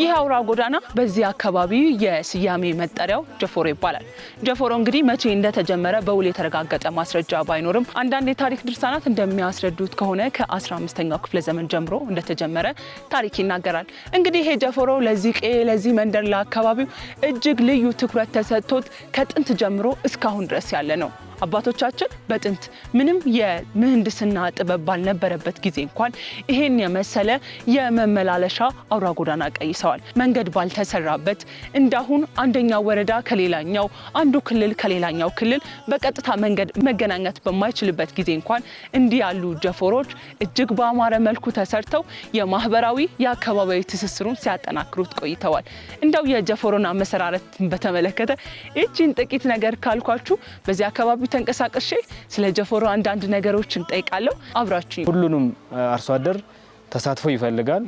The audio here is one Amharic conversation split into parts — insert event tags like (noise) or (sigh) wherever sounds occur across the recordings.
ይህ አውራ ጎዳና በዚህ አካባቢ የስያሜ መጠሪያው ጀፎሮ ይባላል። ጀፎሮ እንግዲህ መቼ እንደተጀመረ በውል የተረጋገጠ ማስረጃ ባይኖርም አንዳንድ የታሪክ ድርሳናት እንደሚያስረዱት ከሆነ ከ15ኛው ክፍለ ዘመን ጀምሮ እንደተጀመረ ታሪክ ይናገራል። እንግዲህ ይሄ ጀፎሮ ለዚህ ቀዬ፣ ለዚህ መንደር፣ ለአካባቢው እጅግ ልዩ ትኩረት ተሰጥቶት ከጥንት ጀምሮ እስካሁን ድረስ ያለ ነው። አባቶቻችን በጥንት ምንም የምህንድስና ጥበብ ባልነበረበት ጊዜ እንኳን ይሄን የመሰለ የመመላለሻ አውራ ጎዳና ቀይሰዋል። መንገድ ባልተሰራበት እንዳሁን አንደኛው ወረዳ ከሌላኛው አንዱ ክልል ከሌላኛው ክልል በቀጥታ መንገድ መገናኘት በማይችልበት ጊዜ እንኳን እንዲህ ያሉ ጀፎሮች እጅግ በአማረ መልኩ ተሰርተው የማህበራዊ የአካባቢያዊ ትስስሩን ሲያጠናክሩት ቆይተዋል። እንደው የጀፎሮን አመሰራረት በተመለከተ ይችን ጥቂት ነገር ካልኳችሁ በዚህ አካባቢ ተንቀሳቀሼ ስለ ጀፎሮ አንዳንድ ነገሮችን ጠይቃለሁ። አብራችሁ ሁሉንም አርሶ አደር ተሳትፎ ይፈልጋል።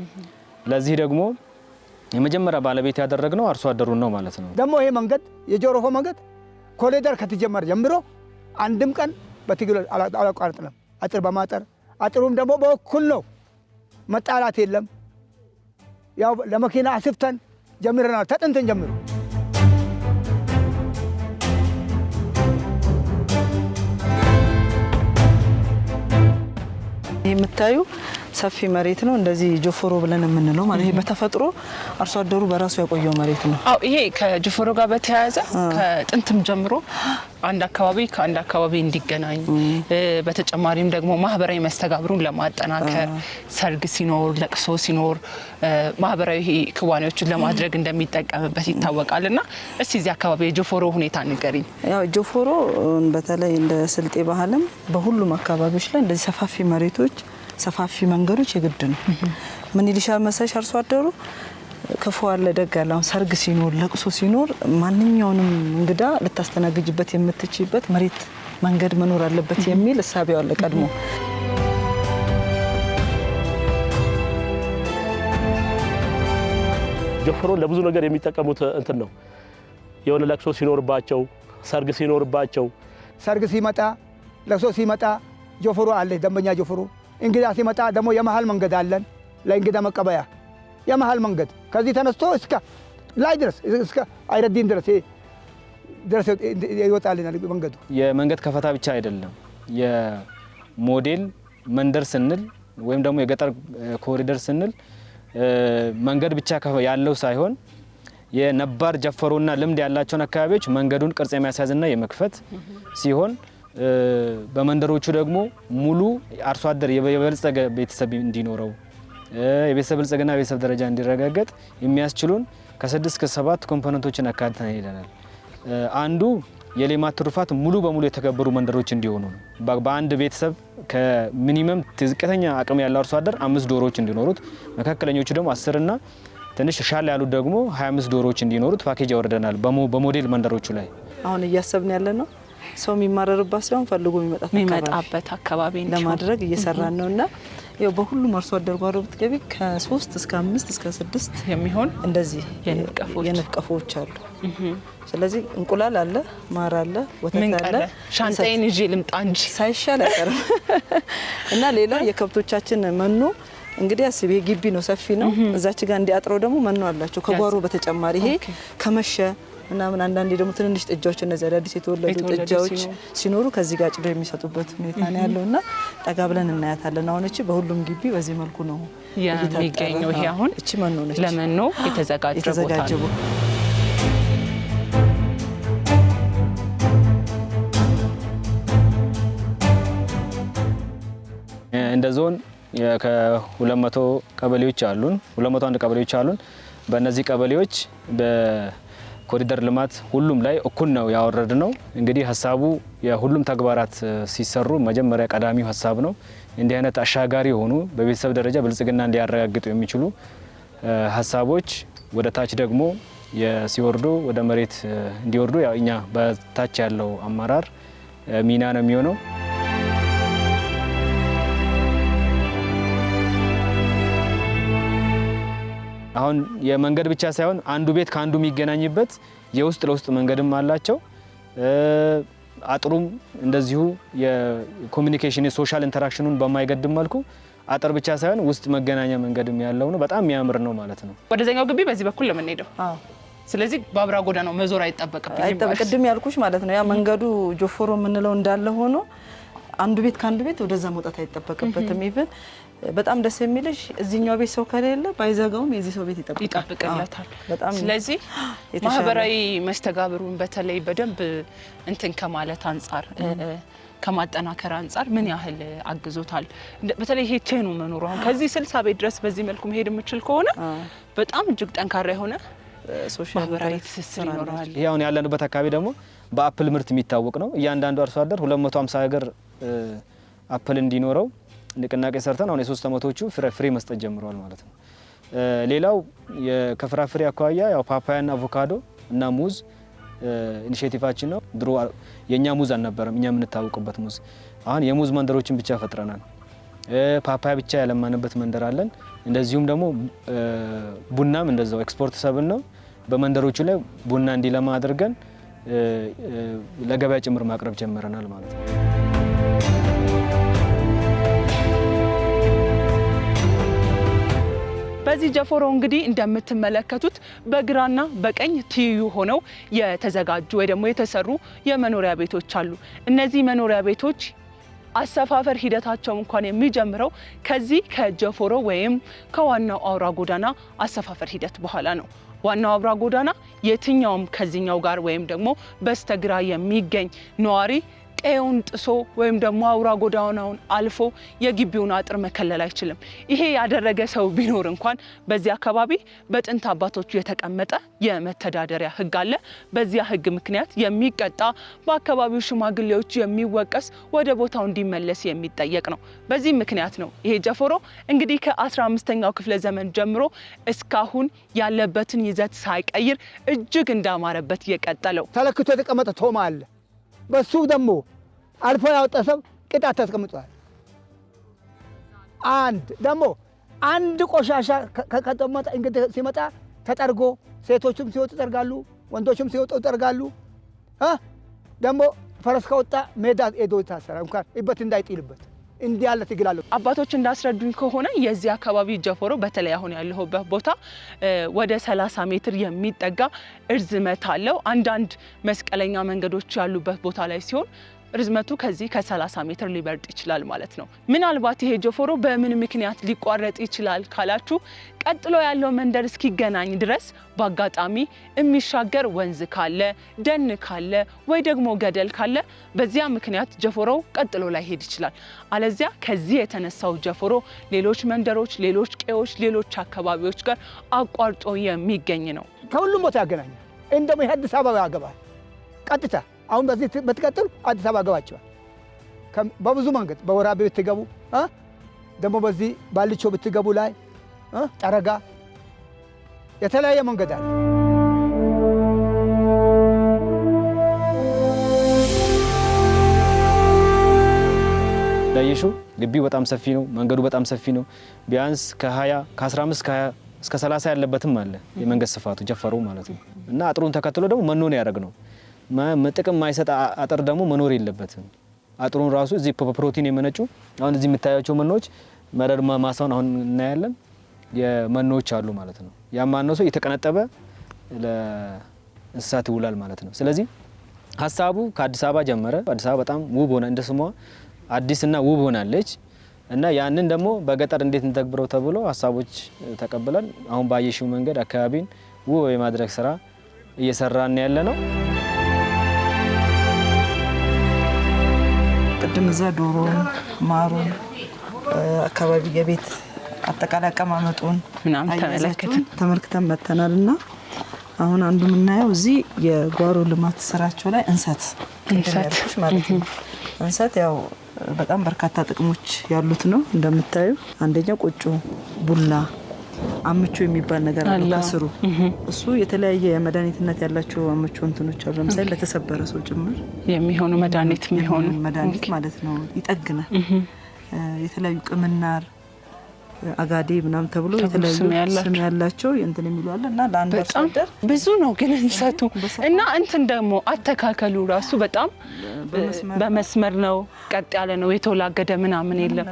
ለዚህ ደግሞ የመጀመሪያ ባለቤት ያደረግነው አርሶ አደሩን ነው ማለት ነው። ደግሞ ይሄ መንገድ የጆሮሆ መንገድ ኮሪደር ከተጀመረ ጀምሮ አንድም ቀን በትግል አላቋርጥንም። አጥር በማጠር አጥሩም ደግሞ በኩል ነው። መጣላት የለም። ያው ለመኪና አስፍተን ጀምረናል። ተጥንትን ጀምሮ የምታዩ ሰፊ መሬት ነው። እንደዚህ ጆፎሮ ብለን የምንለው ማለት ይሄ በተፈጥሮ አርሶ አደሩ በራሱ ያቆየው መሬት ነው። አዎ ይሄ ከጆፎሮ ጋር በተያያዘ ከጥንትም ጀምሮ አንድ አካባቢ ከአንድ አካባቢ እንዲገናኝ በተጨማሪም ደግሞ ማህበራዊ መስተጋብሩን ለማጠናከር ሰርግ ሲኖር፣ ለቅሶ ሲኖር ማህበራዊ ክዋኔዎችን ለማድረግ እንደሚጠቀምበት ይታወቃል። እና እስቲ እዚህ አካባቢ የጆፎሮ ሁኔታ ንገሪኝ። ያው ጆፎሮ በተለይ እንደ ስልጤ ባህልም በሁሉም አካባቢዎች ላይ እንደዚህ ሰፋፊ መሬቶች ሰፋፊ መንገዶች የግድ ነው። ምን ይልሻል መሰለሽ አርሶ አደሩ ክፉ አለ ደግ አለ። አሁን ሰርግ ሲኖር ለቅሶ ሲኖር ማንኛውንም እንግዳ ልታስተናግጅበት የምትችይበት መሬት መንገድ መኖር አለበት የሚል እሳቤው አለ ቀድሞ። ጆፍሮ ለብዙ ነገር የሚጠቀሙት እንትን ነው። የሆነ ለቅሶ ሲኖርባቸው፣ ሰርግ ሲኖርባቸው፣ ሰርግ ሲመጣ፣ ለቅሶ ሲመጣ ጀፈሮ አለ ደንበኛ ጆፍሮ እንግዳ ሲመጣ ደግሞ የመሃል መንገድ አለን ለእንግዳ መቀበያ የመሃል መንገድ ከዚህ ተነስቶ እስከ ላይ ድረስ እስከ አይረዲን ድረስ ድረስ ይወጣልናል መንገዱ። የመንገድ ከፈታ ብቻ አይደለም። የሞዴል መንደር ስንል ወይም ደግሞ የገጠር ኮሪደር ስንል መንገድ ብቻ ያለው ሳይሆን የነባር ጀፈሩና ልምድ ያላቸውን አካባቢዎች መንገዱን ቅርጽ የሚያስያዝና የመክፈት ሲሆን በመንደሮቹ ደግሞ ሙሉ አርሶ አደር የበልጸገ ቤተሰብ እንዲኖረው የቤተሰብ ብልጽግና ቤተሰብ ደረጃ እንዲረጋገጥ የሚያስችሉን ከስድስት ከሰባት ኮምፖነንቶችን አካትተን ሄደናል። አንዱ የሌማት ትሩፋት ሙሉ በሙሉ የተገበሩ መንደሮች እንዲሆኑ ነው። በአንድ ቤተሰብ ከሚኒመም ዝቅተኛ አቅም ያለው አርሶ አደር አምስት ዶሮዎች እንዲኖሩት፣ መካከለኞቹ ደግሞ አስርና ትንሽ ሻል ያሉት ደግሞ 25 ዶሮዎች እንዲኖሩት ፓኬጅ ያወርደናል። በሞዴል መንደሮቹ ላይ አሁን እያሰብን ያለ ነው ሰው የሚማረርባት ሳይሆን ፈልጎ የሚመጣበት አካባቢ ለማድረግ እየሰራን ነው እና ያው በሁሉም አርሶ አደር ጓሮ ብትገቢ ከሶስት እስከ አምስት እስከ ስድስት የሚሆን እንደዚህ የንብ ቀፎዎች አሉ። ስለዚህ እንቁላል አለ፣ ማር አለ፣ ወተት አለ። ሻንጣዬን ይዤ ልምጣ እንጂ ሳይሻል አይቀርም (laughs) እና ሌላ የከብቶቻችን መኖ እንግዲህ አስብ ይሄ ግቢ ነው፣ ሰፊ ነው። እዛች ጋር እንዲያጥረው ደግሞ መኖ አላቸው ከጓሮ በተጨማሪ ይሄ ከመሸ ምናምን አንዳንዴ ደግሞ ትንንሽ ጥጃዎች እነዚህ አዳዲስ የተወለዱ ጥጃዎች ሲኖሩ ከዚህ ጋር ጭዶ የሚሰጡበት ሁኔታ ነው ያለው እና ጠጋ ብለን እናያታለን። አሁን እቺ በሁሉም ግቢ በዚህ መልኩ ነው የሚገኘው። ይሄ አሁን እቺ መኖ ነች፣ ለመኖ የተዘጋጀ ቦታ ነው። እንደ ዞን ከ200 ቀበሌዎች አሉን 201 ቀበሌዎች አሉን። በእነዚህ ቀበሌዎች ኮሪደር ልማት ሁሉም ላይ እኩል ነው ያወረድ ነው። እንግዲህ ሀሳቡ የሁሉም ተግባራት ሲሰሩ መጀመሪያ ቀዳሚው ሀሳብ ነው። እንዲህ አይነት አሻጋሪ የሆኑ በቤተሰብ ደረጃ ብልጽግና እንዲያረጋግጡ የሚችሉ ሀሳቦች ወደ ታች ደግሞ ሲወርዱ ወደ መሬት እንዲወርዱ ያው እኛ በታች ያለው አመራር ሚና ነው የሚሆነው። አሁን የመንገድ ብቻ ሳይሆን አንዱ ቤት ከአንዱ የሚገናኝበት የውስጥ ለውስጥ መንገድም አላቸው። አጥሩም እንደዚሁ የኮሚኒኬሽን የሶሻል ኢንተራክሽኑን በማይገድም መልኩ አጥር ብቻ ሳይሆን ውስጥ መገናኛ መንገድም ያለው ነው። በጣም የሚያምር ነው ማለት ነው። ወደዛኛው ግቢ በዚህ በኩል ለምንሄደው ስለዚህ በአብራ ነው መዞር አይጠበቅብኝም። ቅድም ያልኩሽ ማለት ነው ያ መንገዱ ጆፎሮ የምንለው እንዳለ ሆኖ አንዱ ቤት ከአንዱ ቤት ወደዛ መውጣት አይጠበቅበትም። ኢቭን በጣም ደስ የሚልሽ እዚህኛው ቤት ሰው ከሌለ ባይዘጋውም የዚህ ሰው ቤት ይጠብቅለታል። ስለዚህ ማህበራዊ መስተጋብሩን በተለይ በደንብ እንትን ከማለት አንጻር ከማጠናከር አንጻር ምን ያህል አግዞታል? በተለይ ይሄ ቼኑ መኖሩ አሁን ከዚህ ስልሳ ቤት ድረስ በዚህ መልኩ መሄድ የምችል ከሆነ በጣም እጅግ ጠንካራ የሆነ ማህበራዊ ትስስር ይኖረዋል። ያለንበት አካባቢ ደግሞ በአፕል ምርት የሚታወቅ ነው። እያንዳንዱ አርሶ አደር 250 ሀገር አፕል እንዲኖረው ንቅናቄ ሰርተን አሁን የሶስት አመቶቹ ፍሬ መስጠት ጀምረዋል ማለት ነው። ሌላው ከፍራፍሬ አኳያ ያው ፓፓያና አቮካዶ እና ሙዝ ኢኒሼቲቫችን ነው። ድሮ የእኛ ሙዝ አልነበረም። እኛ የምንታወቅበት ሙዝ አሁን የሙዝ መንደሮችን ብቻ ፈጥረናል። ፓፓያ ብቻ ያለማንበት መንደር አለን። እንደዚሁም ደግሞ ቡናም እንደዛው ኤክስፖርት ሰብል ነው። በመንደሮቹ ላይ ቡና እንዲለማ አድርገን ለገበያ ጭምር ማቅረብ ጀምረናል ማለት ነው። በዚህ ጀፎሮ እንግዲህ እንደምትመለከቱት በግራና በቀኝ ትይዩ ሆነው የተዘጋጁ ወይ ደግሞ የተሰሩ የመኖሪያ ቤቶች አሉ። እነዚህ መኖሪያ ቤቶች አሰፋፈር ሂደታቸው እንኳን የሚጀምረው ከዚህ ከጀፎሮ ወይም ከዋናው አውራ ጎዳና አሰፋፈር ሂደት በኋላ ነው። ዋናው አውራ ጎዳና የትኛውም ከዚህኛው ጋር ወይም ደግሞ በስተግራ የሚገኝ ነዋሪ ቀየውን ጥሶ ወይም ደግሞ አውራ ጎዳናውን አልፎ የግቢውን አጥር መከለል አይችልም። ይሄ ያደረገ ሰው ቢኖር እንኳን በዚህ አካባቢ በጥንት አባቶቹ የተቀመጠ የመተዳደሪያ ህግ አለ። በዚያ ህግ ምክንያት የሚቀጣ በአካባቢው ሽማግሌዎች የሚወቀስ ወደ ቦታው እንዲመለስ የሚጠየቅ ነው። በዚህ ምክንያት ነው ይሄ ጀፎሮ እንግዲህ ከ15ኛው ክፍለ ዘመን ጀምሮ እስካሁን ያለበትን ይዘት ሳይቀይር እጅግ እንዳማረበት የቀጠለው ተለክቶ የተቀመጠ ቶማ አለ። በሱ ደግሞ አልፎ ያወጣ ሰው ቅጣት ተቀምጧል። አንድ ደግሞ አንድ ቆሻሻ ከቀጠመጠ እንግዲህ ሲመጣ ተጠርጎ ሴቶችም ሲወጡ ይጠርጋሉ፣ ወንዶችም ሲወጡ ይጠርጋሉ። ደግሞ ፈረስ ከወጣ ሜዳ ሄዶ ይታሰራ እንኳን እበት እንዳይጥልበት እንዲህ ያለ ትግል አለ። አባቶች እንዳስረዱኝ ከሆነ የዚህ አካባቢ ጀፎሮ በተለይ አሁን ያለሁበት ቦታ ወደ 30 ሜትር የሚጠጋ እርዝመት አለው። አንዳንድ መስቀለኛ መንገዶች ያሉበት ቦታ ላይ ሲሆን ርዝመቱ ከዚህ ከ30 ሜትር ሊበልጥ ይችላል ማለት ነው። ምናልባት ይሄ ጆፎሮ በምን ምክንያት ሊቋረጥ ይችላል ካላችሁ ቀጥሎ ያለው መንደር እስኪገናኝ ድረስ በአጋጣሚ የሚሻገር ወንዝ ካለ፣ ደን ካለ ወይ ደግሞ ገደል ካለ በዚያ ምክንያት ጀፎሮው ቀጥሎ ላይ ሄድ ይችላል። አለዚያ ከዚህ የተነሳው ጀፎሮ ሌሎች መንደሮች፣ ሌሎች ቀዎች ሌሎች አካባቢዎች ጋር አቋርጦ የሚገኝ ነው። ከሁሉም ቦታ ያገናኛል። እንደሞ አዲስ አበባ ያገባል ቀጥታ አሁን በዚህ ብትቀጥሉ አዲስ አበባ ገባቸዋል በብዙ መንገድ በወራቤ ብትገቡ ደግሞ በዚህ ባልቾ ብትገቡ ላይ ጠረጋ የተለያየ መንገድ አለ። እንዳየሽው ግቢው በጣም ሰፊ ነው። መንገዱ በጣም ሰፊ ነው። ቢያንስ ከ20 ከ15 ከ20 እስከ 30 ያለበትም አለ የመንገድ ስፋቱ ጀፈሩ ማለት ነው። እና አጥሩን ተከትሎ ደግሞ መኖ ነው ጥቅም ማይሰጥ አጥር ደግሞ መኖር የለበትም። አጥሩን ራሱ እዚህ ፕሮቲን የመነጩ አሁን እዚህ የምታያቸው መኖዎች መደር ማሳውን አሁን እናያለን የመኖዎች አሉ ማለት ነው። ያማነሱ የተቀነጠበ ለእንስሳት ይውላል ማለት ነው። ስለዚህ ሀሳቡ ከአዲስ አበባ ጀመረ። አዲስ አበባ በጣም ውብ ሆነ፣ እንደ ስሟ አዲስና ውብ ሆናለች። እና ያንን ደግሞ በገጠር እንዴት እንተግብረው ተብሎ ሀሳቦች ተቀብለን አሁን ባየሽው መንገድ አካባቢን ውብ የማድረግ ስራ እየሰራን ያለ ነው። ቅድም እዛ ዶሮን፣ ማሩን፣ አካባቢ የቤት አጠቃላይ አቀማመጡን ምናምን ተመልክተን መተናል እና አሁን አንዱ የምናየው እዚህ የጓሮ ልማት ስራቸው ላይ እንሰት እንሰት ማለት ነው። እንሰት ያው በጣም በርካታ ጥቅሞች ያሉት ነው እንደምታዩ። አንደኛው ቆጮ ቡላ አምቾ የሚባል ነገር አለ ከስሩ። እሱ የተለያየ መድኃኒትነት ያላቸው አምቾ እንትኖች አሉ። ለምሳሌ ለተሰበረ ሰው ጭምር የሚሆኑ መድኃኒት የሚሆኑ መድኃኒት ማለት ነው። ይጠግናል። የተለያዩ ቅምናር አጋዴ ምናምን ተብሎ የተለያዩ ስም ያላቸው እንትን የሚሉ አለ እና ለአንድ አርሶአደር ብዙ ነው። ግን እንሰቱ እና እንትን ደግሞ አተካከሉ ራሱ በጣም በመስመር ነው፣ ቀጥ ያለ ነው፣ የተወላገደ ምናምን የለም።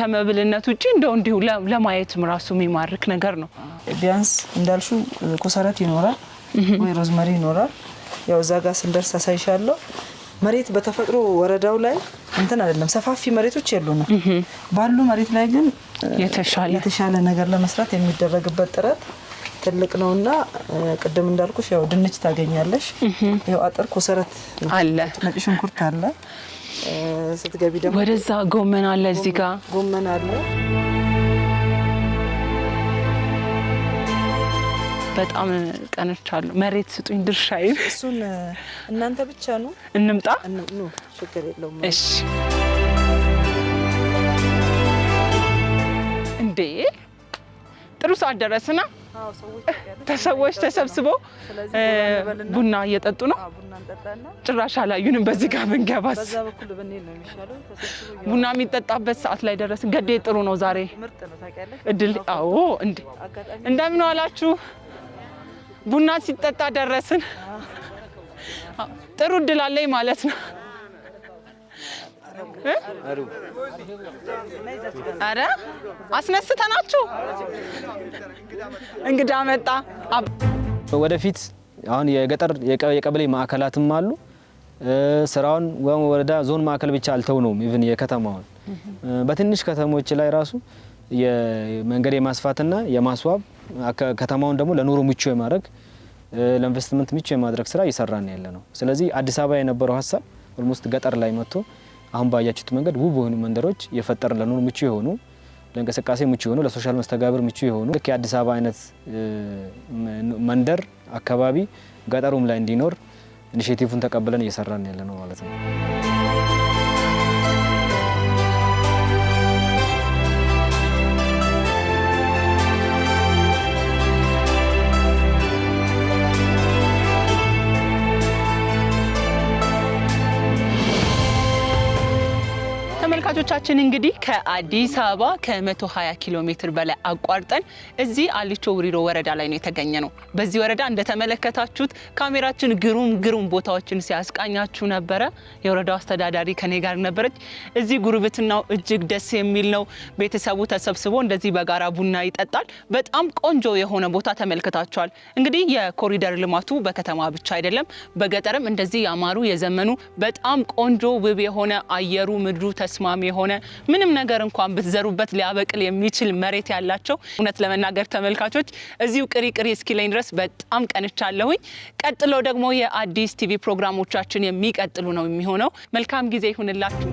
ከመብልነት ውጭ እንደው እንዲሁ ለማየትም ራሱ የሚማርክ ነገር ነው። ቢያንስ እንዳልሹ ኮሰረት ይኖራል ወይ ሮዝመሪ ይኖራል። ያው እዛ ጋር ስንደርስ አሳይሻለሁ። መሬት በተፈጥሮ ወረዳው ላይ እንትን አይደለም፣ ሰፋፊ መሬቶች የሉንም። ባሉ መሬት ላይ ግን የተሻለ ነገር ለመስራት የሚደረግበት ጥረት ትልቅ ነው እና ቅድም እንዳልኩሽ ያው ድንች ታገኛለሽ። ያው አጥር ኮሰረት አለ፣ ነጭ ሽንኩርት አለ። ስትገቢ ደግሞ ወደዛ ጎመን አለ፣ እዚህ ጋር ጎመን አለ። በጣም ቀንቻለሁ። መሬት ስጡኝ ድርሻዬ። እሱን እናንተ ብቻ ነው። እንምጣ። ችግር የለውም። እሺ። እንዴ ጥሩ ሰዓት ደረስና ተሰዎች ተሰብስበው ቡና እየጠጡ ነው። ጭራሽ አላዩንም። በዚህ ጋር ብንገባስ ቡና የሚጠጣበት ሰዓት ላይ ደረስን። ገዴ ጥሩ ነው ዛሬ እድል። አዎ እንዴ እንደምን ዋላችሁ? ቡና ሲጠጣ ደረስን። ጥሩ እድል አለኝ ማለት ነው። አረ አስነስተናችሁ እንግዳ መጣ። ወደፊት አሁን የገጠር የቀበሌ ማዕከላትም አሉ። ስራውን ወረዳ ዞን ማዕከል ብቻ ነው ኢቭን የከተማውን በትንሽ ከተሞች ላይ ራሱ የመንገድ የማስፋትና የማስዋብ ከተማውን ደግሞ ለኑሮ ምቹ የማድረግ ለኢንቨስትመንት ምቹ የማድረግ ስራ እየሰራን ያለ ነው። ስለዚህ አዲስ አበባ የነበረው ሀሳብ ኦልሞስት ገጠር ላይ መጥቶ አሁን ባያችሁት መንገድ ውብ የሆኑ መንደሮች የፈጠር ለኑሮ ምቹ የሆኑ ለእንቅስቃሴ ምቹ የሆኑ ለሶሻል መስተጋብር ምቹ የሆኑ ልክ የአዲስ አበባ አይነት መንደር አካባቢ ገጠሩም ላይ እንዲኖር ኢኒሼቲቭን ተቀብለን እየሰራን ያለ ነው ማለት ነው። ተመልካቾቻችን እንግዲህ ከአዲስ አበባ ከ120 ኪሎ ሜትር በላይ አቋርጠን እዚህ አሊቾ ውሪሮ ወረዳ ላይ ነው የተገኘ ነው። በዚህ ወረዳ እንደተመለከታችሁት ካሜራችን ግሩም ግሩም ቦታዎችን ሲያስቃኛችሁ ነበረ። የወረዳው አስተዳዳሪ ከኔ ጋር ነበረች። እዚህ ጉርብትናው እጅግ ደስ የሚል ነው። ቤተሰቡ ተሰብስቦ እንደዚህ በጋራ ቡና ይጠጣል። በጣም ቆንጆ የሆነ ቦታ ተመልክታችኋል። እንግዲህ የኮሪደር ልማቱ በከተማ ብቻ አይደለም፣ በገጠርም እንደዚህ ያማሩ የዘመኑ በጣም ቆንጆ ውብ የሆነ አየሩ ምድሩ ተስማሚ ጤናማ የሆነ ምንም ነገር እንኳን ብትዘሩበት ሊያበቅል የሚችል መሬት ያላቸው እውነት ለመናገር ተመልካቾች እዚሁ ቅሪ ቅሪ እስኪለኝ ድረስ በጣም ቀንቻለሁኝ። ቀጥሎ ደግሞ የአዲስ ቲቪ ፕሮግራሞቻችን የሚቀጥሉ ነው የሚሆነው። መልካም ጊዜ ይሁንላችሁ።